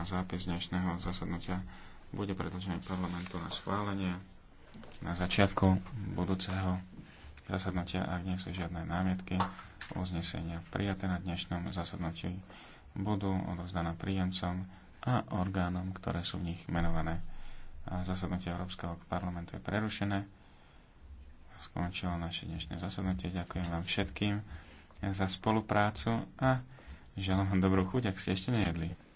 a zápis dnešného zasadnutia bude predložený parlamentu na schválenie na začiatku budúceho zasadnutia, ak nie sú žiadne námietky, uznesenia prijaté na dnešnom zasadnutí budú odovzdané príjemcom a orgánom, ktoré sú v nich menované. A zasadnutie Európskeho parlamentu je prerušené. Skončilo naše dnešné zasadnutie. Ďakujem vám všetkým za spoluprácu a želám vám dobrú chuť, ak ste ešte nejedli.